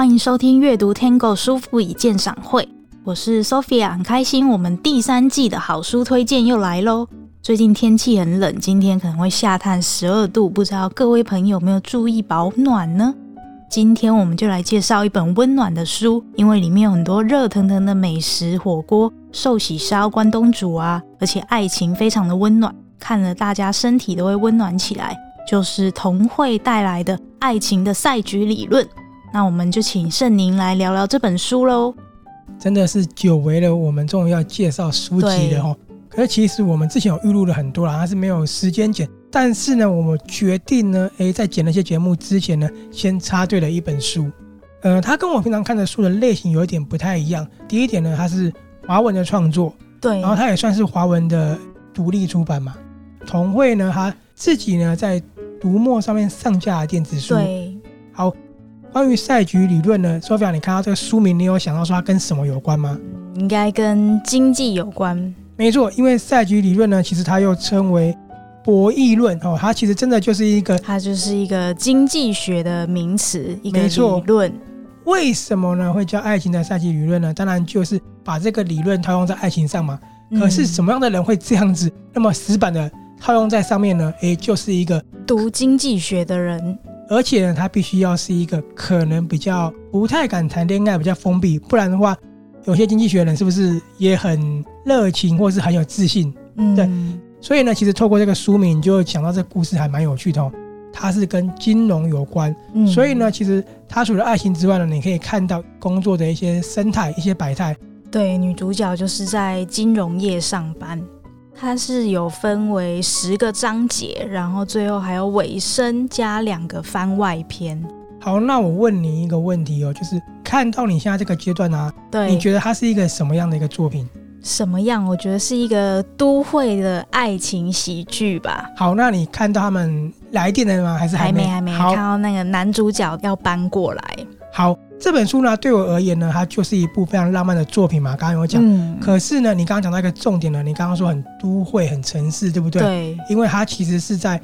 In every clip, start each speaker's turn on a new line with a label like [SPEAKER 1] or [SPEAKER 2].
[SPEAKER 1] 歡迎收聽閱讀探戈，書富比鑑賞會，我是 Sophia，很開心我們第三季的好書推薦又來嘍。最近天氣很冷，今天可能會下探十二度，不知道各位朋友有沒有注意保暖呢？今天我們就來介紹一本溫暖的書，因為裡面有很多熱騰騰的美食，火鍋、壽喜燒、關東煮啊，而且愛情非常的溫暖，看了大家身體都會溫暖起來。就是童繪帶來的《愛情的賽局理論》。那我們就請盛寧來聊聊這本書嘍。
[SPEAKER 2] 真的是久違了，我們終於要介紹書籍了哈、哦。對可是其實我們之前有預錄了很多啦，它是沒有時間剪。但是呢，我們決定呢，誒在剪那些節目之前呢，先插隊了一本書。呃，它跟我平常看的書的類型有一點不太一樣。第一點呢，它是華文的創作，對。然後它也算是華文的獨立出版嘛。童繪呢，他自己呢在讀墨上面上架電子書，對。好。關於賽局理論呢，Sophia 啊，你看到這個書名，你有想到說它跟什麼有關嗎？應該跟經濟有關。沒錯，因為賽局理論呢，其實它又稱為博弈論哦，它其實真的就是一個，它就是一個經濟學的名詞，一個理論。為什麼呢？會叫愛情的賽局理論呢？當然就是把這個理論套用在愛情上嘛。嗯、可是什麼樣的人會這樣子那麼死板的套用在上面呢？哎，就是一個
[SPEAKER 1] 讀經濟學的人。
[SPEAKER 2] 而且呢，他必須要是一個可能比較不太敢談戀愛，比較封閉，不然的話，有些經濟學人是不是也很熱情或是很有自信？嗯，對。所以呢，其實透過這個書名，你就會想到這個故事還蠻有趣的哦，它是跟金融有關。嗯，所以呢，其實它除了愛情之外呢，你可以看到工作的一些生態、一些百態。
[SPEAKER 1] 對，女主角就是在金融業上班。它是有分為十個章節，然後最後還有尾聲加兩個番外篇。
[SPEAKER 2] 好，那我問你一個問題哦，就是看到你現在這個階段呢、啊，對，你覺得它是一個什麼樣的一個作品？
[SPEAKER 1] 什麼樣？我覺得是一個都會的愛情喜劇吧。
[SPEAKER 2] 好，那你看到他們來電了嗎？還是還沒還沒，還沒，好，看
[SPEAKER 1] 到那個男主角要搬過來？好。
[SPEAKER 2] 這本書呢，對我而言呢，它就是一部非常浪漫的作品嘛。剛剛有講，嗯、可是呢，你剛剛講到一個重點呢，你剛剛說很都會、很城市，對不對？對。因為它其實是在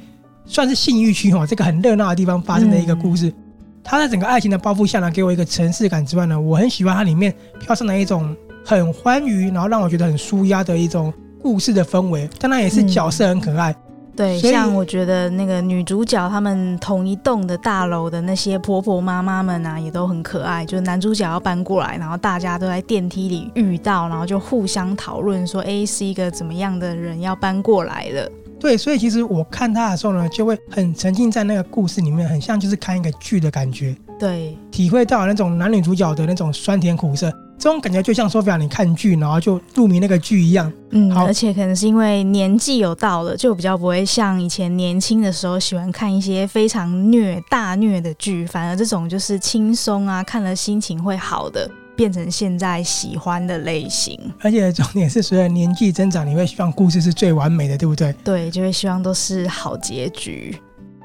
[SPEAKER 2] 算是信義區哦，這個很熱鬧的地方發生的一個故事。嗯、它在整個愛情的包袱下呢，給我一個城市感之外呢，我很喜歡它裡面飄上來一種很歡愉，然後讓我覺得很舒壓的一種故事的氛圍。當然也是角色很可愛。嗯嗯
[SPEAKER 1] 對，像我覺得那個女主角他們同一棟的大樓的那些婆婆媽媽們啊，也都很可愛。就是男主角要搬過來，然後大家都在電梯裡遇到，然後就互相討論說：“誒，是一個怎麼樣的人要搬過來了？”
[SPEAKER 2] 對，所以其實我看他的時候呢，就會很沉浸在那個故事裡面，很像就是看一個劇的感覺。對，體會到那種男女主角的那種酸甜苦澀。這種感覺就像說，比如你看劇，然後就入迷那個劇一樣。
[SPEAKER 1] 好嗯，而且可能是因為年紀有到了，就比較不會像以前年輕的時候喜歡看一些非常虐、大虐的劇，反而這種就是輕鬆啊，看了心情會好的，變成現在喜歡的類型。
[SPEAKER 2] 而且重點是，隨着年紀增長，你會希望故事是最完
[SPEAKER 1] 美的，對不對？對，就會希望都是好結局。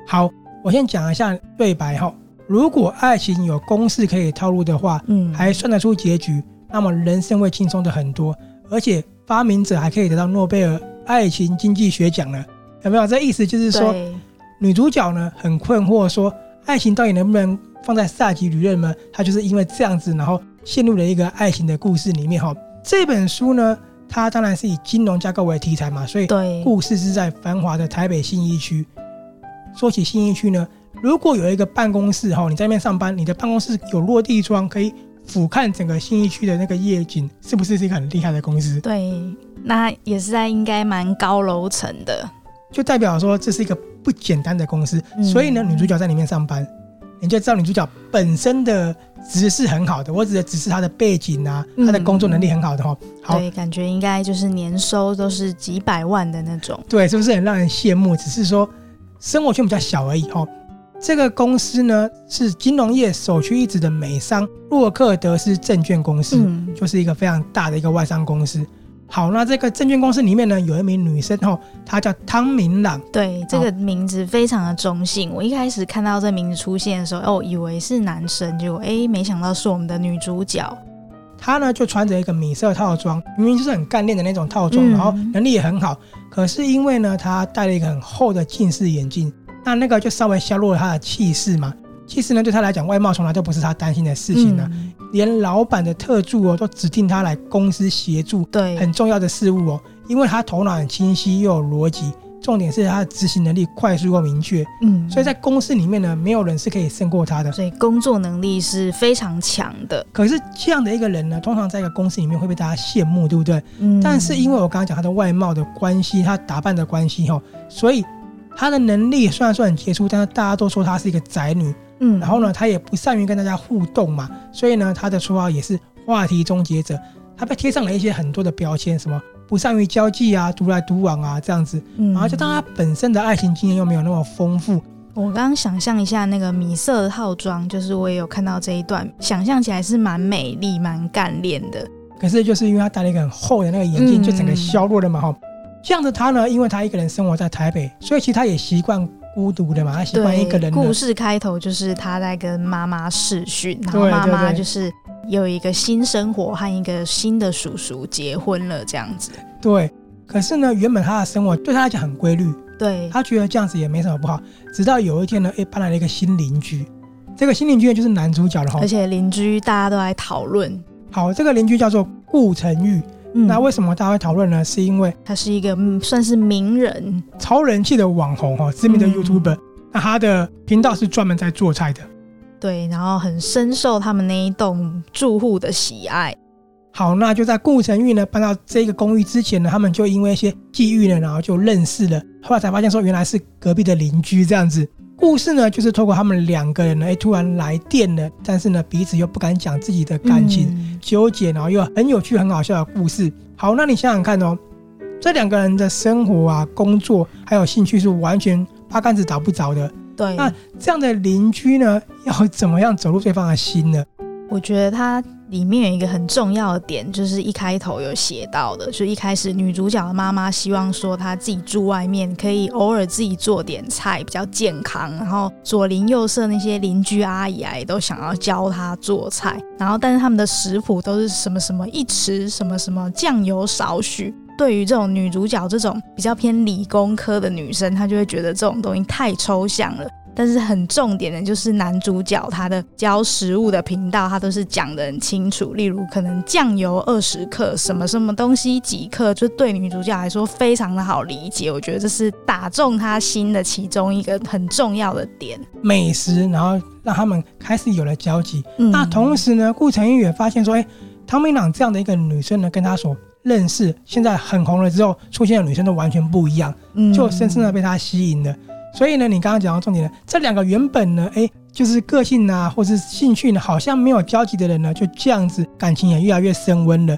[SPEAKER 2] 好，我先講一下對白哈、哦。如果愛情有公式可以套入的話，嗯，還算得出結局，那麼人生會輕鬆的很多，而且發明者還可以得到諾貝爾愛情經濟學獎呢？有沒有？這個、意思就是說，對 女主角呢很困惑，說愛情到底能不能放在賽局理論呢？她就是因為這樣子，然後陷入了一個愛情的故事裡面哈。這本書呢，它當然是以金融架構為題材嘛，所以故事是在繁華的台北信義區。對 說起信義區呢。如果有一個辦公室哈，你在那邊上班，你的辦公室有落地窗，可以俯瞰整個信義區的那個夜景，是不是是一個很厲害的公司？
[SPEAKER 1] 對，那也是在應該蠻高樓層的，
[SPEAKER 2] 就代表說這是一個不簡單的公司。嗯、所以呢，女主角在裡面上班，你就知道女主角本身的資質是很好的，我指的只是她的背景
[SPEAKER 1] 啊，她的工作能力很好的哈。嗯、好對，感覺應該就是年收都是幾百萬的那種。
[SPEAKER 2] 對，是不是很讓人羨慕？只是說生活圈比較小而已哈。哦這個公司呢，是金融業首屈一指的美商洛克德斯證券公司，嗯、就是一個非常大的一個外商公司。好，那這個證券公司裡面呢，有一名女生，哦，她叫湯明朗。
[SPEAKER 1] 對，這個名字非常的中性。哦、我一開始看到這名字出現的時候，哦，以為是男生，結果，哎，沒想到是我們的女主角。她呢就穿着一個米色套裝，明明就是很幹練的那種套裝，然後
[SPEAKER 2] 能力也很好。嗯、可是因為呢，她戴了一個很厚的近視眼鏡。那那個就稍微削弱了他的氣勢嘛。其實呢，對他來講，外貌從來都不是他擔心的事情呢、啊。嗯、連老闆的特助哦，都指定他來公司協助，對，很重要的事務哦。因為他頭腦很清晰，又有邏輯，重點是他的執行能力快速又明確。嗯，所以在公司裡面呢，沒有人是可以勝過他的。所以工作能力是非常強的。可是這樣的一個人呢，通常在一個公司裡面會被大家羨慕，對不對？嗯。但是因為我剛剛講他的外貌的關係，他打扮的關係哦，所以。她的能力雖然說很傑出，但是大家都說她是一個宅女。嗯，然後呢，她也不善於跟大家互動嘛，所以呢，她的綽號也是話題終結者。她被貼上了一些很多的標籤，什麼不善於交際啊、獨來獨往啊這樣子。嗯，然後就當她本身的愛情經驗又沒有那麼豐富。
[SPEAKER 1] 我剛剛想象一下那個米色套裝，就是我也有看到這一段，想象起來是蠻美麗、蠻幹練的。
[SPEAKER 2] 可是就是因為她戴了一個很厚的那個眼鏡，嗯、就整個削弱了嘛哈。這樣的他呢，因為他一個人生活在台北，所以其實他也習慣孤獨的嘛。他習慣一個人。故事
[SPEAKER 1] 開頭就是他在跟媽媽視訊，然後媽媽就是有一個新生活，和一個新的叔叔結婚了，這樣子。
[SPEAKER 2] 對。可是呢，原本他的生活對他來講很規律，對，他覺得這樣子也沒什麼不好。直到有一天呢，誒，搬來了一個新鄰居，這個新鄰居就是男主角了哈。而
[SPEAKER 1] 且鄰居大家都在討論。好，這
[SPEAKER 2] 個鄰居叫做顧成譽。嗯，那為什麼大家會討論呢？是因為他是一個算是名人、超人氣的網紅哈，知名的 YouTuber、嗯。那他的頻道是專門在做菜的，
[SPEAKER 1] 對，然後很深受他們那一棟住戶的喜愛。好，那
[SPEAKER 2] 就在顧成譽呢搬到這個公寓之前呢，他們就因為一些際遇呢，然後就認識了，後來才發現說原來是隔壁的鄰居這樣子。故事呢，就是透過他們兩個人呢、欸，突然來電了，但是呢，彼此又不敢講自己的感情，嗯、糾結，然後又很有趣、很好笑的故事。好，那你想想看哦，這兩個人的生活啊、工作還有興趣是完全八竿子打不着的。對，那這樣的鄰居呢，要怎麼樣走入對方的心呢？
[SPEAKER 1] 我覺得它裡面有一個很重要的點，就是一開頭有寫到的，就一開始女主角的媽媽希望說她自己住外面，可以偶爾自己做點菜，比較健康。然後左鄰右舍那些鄰居阿姨啊，也都想要教她做菜。然後但是他們的食譜都是什麼什麼一匙什麼什麼醬油少許。對於這種女主角這種比較偏理工科的女生，她就會覺得這種東西太抽象了。但是很重點的就是男主角他的教食物的頻道，他都是講的很清楚。例如可能醬油二十克，什麼什麼東西幾克，就對女主角來說非常的好理解。我覺得這是打中她心的其中一個很重要的點。
[SPEAKER 2] 美食，然後讓他們開始有了交集。嗯、那同時呢，顧成譽也發現說，哎、欸，湯明朗這樣的一個女生呢，跟他所認識現在很紅了之後出現的女生都完全不一樣，就深深的被他吸引了。所以呢，你剛剛講到重點了，這兩個原本呢，哎，就是個性吶、啊，或是興趣呢，好像沒有交集的人呢，就這樣子感情也越來越升溫了。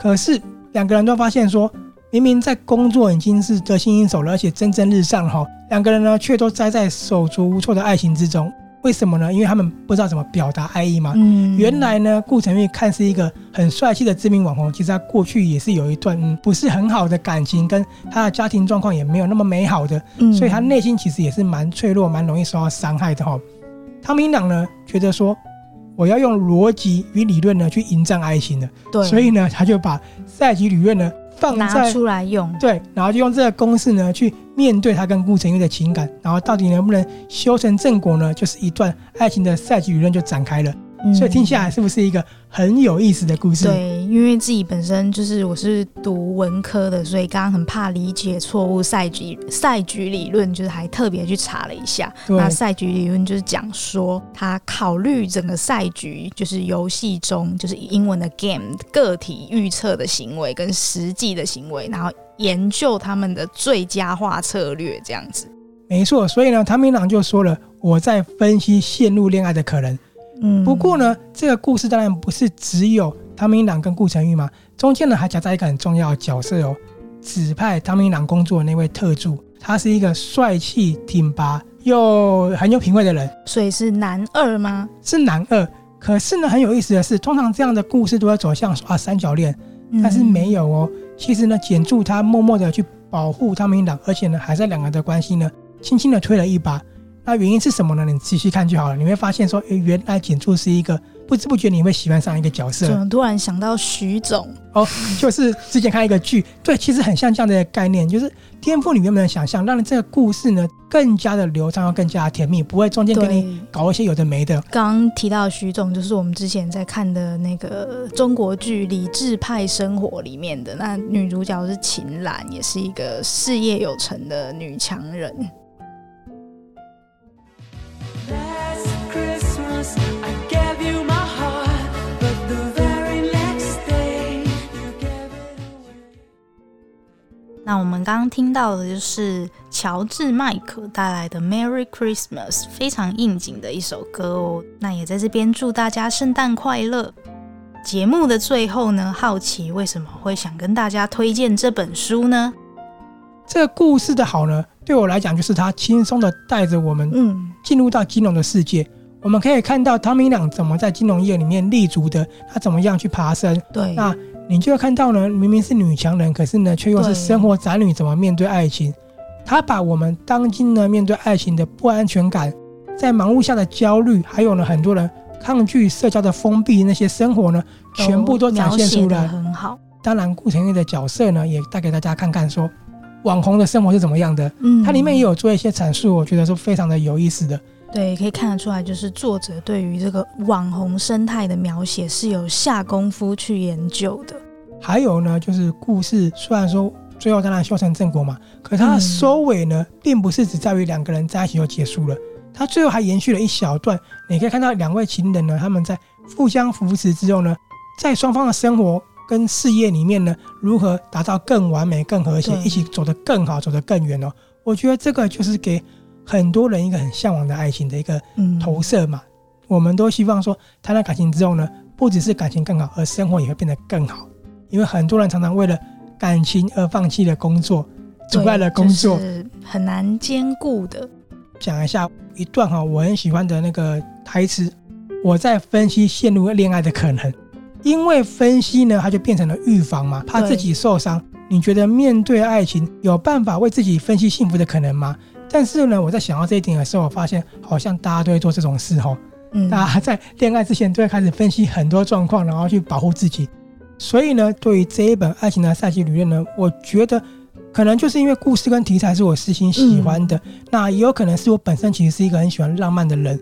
[SPEAKER 2] 可是兩個人都發現說，明明在工作已經是得心應手了，而且蒸蒸日上哈，兩個人呢卻都栽在手足無措的愛情之中。為什麼呢？因為他們不知道怎麼表達愛意嘛。嗯、原來呢，顧成譽看似一個很帥氣的知名網紅，其實他過去也是有一段、嗯、不是很好的感情，跟他的家庭狀況也沒有那麼美好的，嗯、所以他內心其實也是蠻脆弱、蠻容易受到傷害的哈。湯明朗呢，覺得說我要用邏輯與理論呢去迎戰愛情的，對 所以呢，他就把賽局理論呢。放拿出來用，對，然後就用這個公式呢，去面對他跟顧成譽的情感，然後到底能不能修成正果呢？就是一段愛情的賽局理論就展開了。所以聽下來是不是一個很有意思的故事，
[SPEAKER 1] 嗯？對，因為自己本身就是我是讀文科的，所以剛剛很怕理解錯誤。賽局賽局理論就是還特別去查了一下。對那賽局理論就是講說，他考慮整個賽局，就是遊戲中，就是英文的 game 個體預測的行為跟實際的行為，然後研究他們的最佳化策略這樣子。
[SPEAKER 2] 沒錯，所以呢，湯明朗就說了，我在分析陷入戀愛的可能。嗯，不過呢，這個故事當然不是只有湯明朗跟顧成譽嘛，中間呢還夾在一個很重要的角色哦，指派湯明朗工作的那位特助，他是一個帥氣挺拔又很有品味的人，所以是
[SPEAKER 1] 男二嗎？
[SPEAKER 2] 是男二，可是呢很有意思的是，通常這樣的故事都要走向啊三角戀，
[SPEAKER 1] 但是沒
[SPEAKER 2] 有哦。其實呢簡助他默默的去保護湯明朗，而且呢還在兩個人的關係呢輕輕的推了一把。那原因是什麼呢？你仔細看就好了，你會發現說，原來景出是一個不知不覺，你會喜歡上一個角色。怎麼
[SPEAKER 1] 突然想到
[SPEAKER 2] 徐總？哦，oh, 就是之前看一個劇，對，其實很像這樣的概念，就是顛覆你原本的想像，讓你這個故事呢更加的流暢，更加甜蜜，不會中間跟你搞一些有的沒的。
[SPEAKER 1] 剛提到徐總，就是我們之前在看的那個中國劇《理智派生活》裡面的那女主角是秦嵐，也是一個事業有成的女強人。那我們剛剛聽到的就是喬治麥可帶來的《Merry Christmas》，非常應景的一首歌哦。那也在這邊祝大家聖誕快樂。節目的最後呢，好奇為什麼會想跟大家推薦這本書呢？這個
[SPEAKER 2] 故事的好呢，對我來講就是它輕鬆的帶着我們嗯進入到金融的世界。我們可以看到湯明朗怎麼在金融業裡面立足的，她怎麼樣去爬升。對，那你就會看到呢，明明是女強人，可是呢，卻又是生活宅女，怎麼面對愛情？她對把我們當今呢面對愛情的不安全感，在忙碌下的焦慮，還有呢很多人抗拒社交的封閉那些生活呢，全部都展現出來。很好。當然，顧成譽的角色呢，也帶給大家看看說，網紅的生活是怎麼樣的。嗯，它裡面也有做一些闡述，我覺得是非常的有意思的。
[SPEAKER 1] 對，可以看得出來，就是作者對於這個網紅生態的描寫是有下功夫去研究的。
[SPEAKER 2] 還有呢，就是故事雖然說最後當然修成正果嘛，可是它的收尾呢，並不是只在於兩個人在一起就結束了。它最後還延續了一小段，你可以看到兩位情人呢，他們在互相扶持之後呢，在雙方的生活跟事業裡面呢，如何打造更完美、更和諧，對一起走得更好、走得更遠哦。我覺得這個就是給。很多人一個很嚮往的愛情的一個投射嘛，嗯、我們都希望說，談談感情之後呢，不只是感情更好，而生活也會變得更好。因為很多人常常為了感情而放棄的工作，阻礙了工作，就是，很難兼顧的。講一下一段哈，我很喜歡的那個台詞。我在分析陷入戀愛的可能，因為分析呢，它就變成了預防嘛，怕自己受傷。對你覺得面對愛情，有辦法為自己分析幸福的可能嗎？但是呢，我在想到這一點的時候，我發現好像大家都會做這種事哦，嗯、大家在戀愛之前都會開始分析很多狀況，然後去保護自己。所以呢，對於這一本《愛情的賽局理論》呢，我覺得可能就是因為故事跟題材是我私心喜歡的，嗯、那也有可能是我本身其實是一個很喜歡浪漫的人。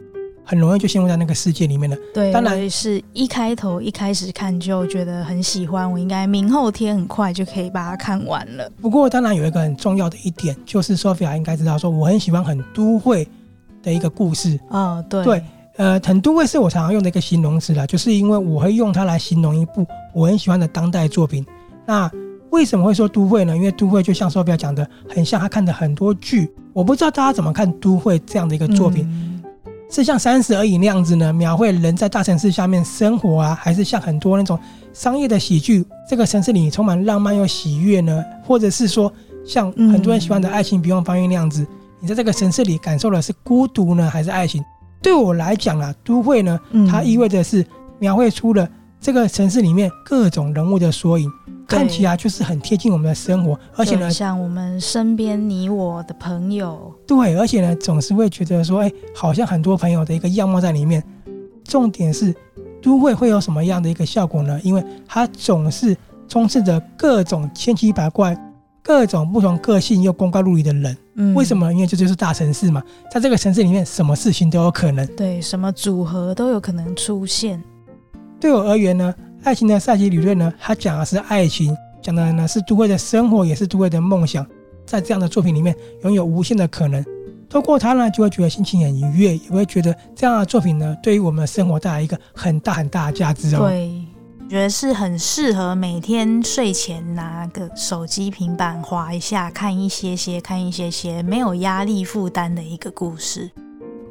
[SPEAKER 2] 很容易就陷入在那個世界裡面了。
[SPEAKER 1] 對，當然是一開頭一開始看就覺得很喜歡，我應該明後天很快就可以把它看完了。
[SPEAKER 2] 不過，當然有一個很重要的一點，就是索菲亞應該知道，說我很喜歡很都會的一個故事
[SPEAKER 1] 啊。哦、對，對，
[SPEAKER 2] 呃，很都會是我常用的一個形容詞啦，就是因為我會用它來形容一部我很喜歡的當代作品。那為什麼會說都會呢？因為都會就像索菲亞講的，很像他看的很多劇。我不知道大家怎麼看都會這樣的一個作品。嗯是像《三十而已》那樣子呢，描繪人在大城市下面生活啊，還是像很多那種商業的喜劇，這個城市裡充滿浪漫又喜悅呢？或者是說，像很多人喜歡的愛情《不用翻譯》那樣子，嗯、你在這個城市裡感受的是孤獨呢，還是愛情？對我來講啊，都會呢，它意味着是描繪出了這個城市裡面各種人物的縮影。看起來就是很貼近我們的生活，而且呢，像
[SPEAKER 1] 我們身邊你我的朋友，
[SPEAKER 2] 對，而且呢，總是會覺得說，哎，好像很多朋友的一個樣貌在裡面。重點是，都會會有什麼樣的一個效果呢？因為它總是充斥着各種千奇百怪、各種不同個性又光怪陸離的人。嗯，為什麼？因為這就是大城市嘛，在這個城市裡面，什麼事情都有可能，對，什麼組合都有可能出現。對我而言呢，愛情的賽局理論呢，它講的是愛情，講的呢是都會的生活，也是都會的夢想。在這樣的作品裡面，擁有無限的可能。透過它呢，就會覺得心情很愉悅，也會覺得這樣的作品呢，對於我們的生活帶來一個很大很大的價值哦。對，
[SPEAKER 1] 覺得是很適合每天睡前拿個手機、平板滑一下，看一些些，看一些些沒有壓力負擔的一個故事。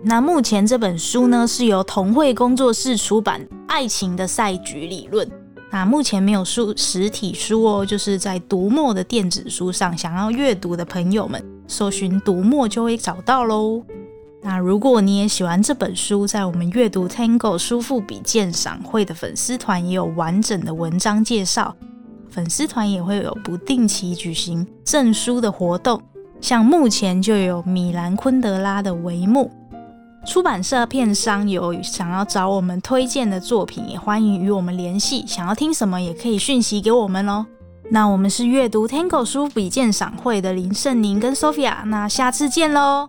[SPEAKER 1] 那目前這本書呢，是由童繪工作室出版。愛情的賽局理論，那目前沒有書實體書哦，就是在讀墨的電子書上，想要閱讀的朋友們，搜尋讀墨就會找到嘍。那如果你也喜歡這本書，在我們閱讀 Tango 書富比鑑賞會的粉絲團也有完整的文章介紹，粉絲團也會有不定期舉行贈書的活動，像目前就有米蘭昆德拉的帷幕。出版社、片商有想要找我們推薦的作品，也歡迎與我們聯繫。想要聽什麼，也可以訊息給我們哦。那我們是閱讀探戈書富比鑑賞會的林勝寧跟 Sophia，那下次見嘍。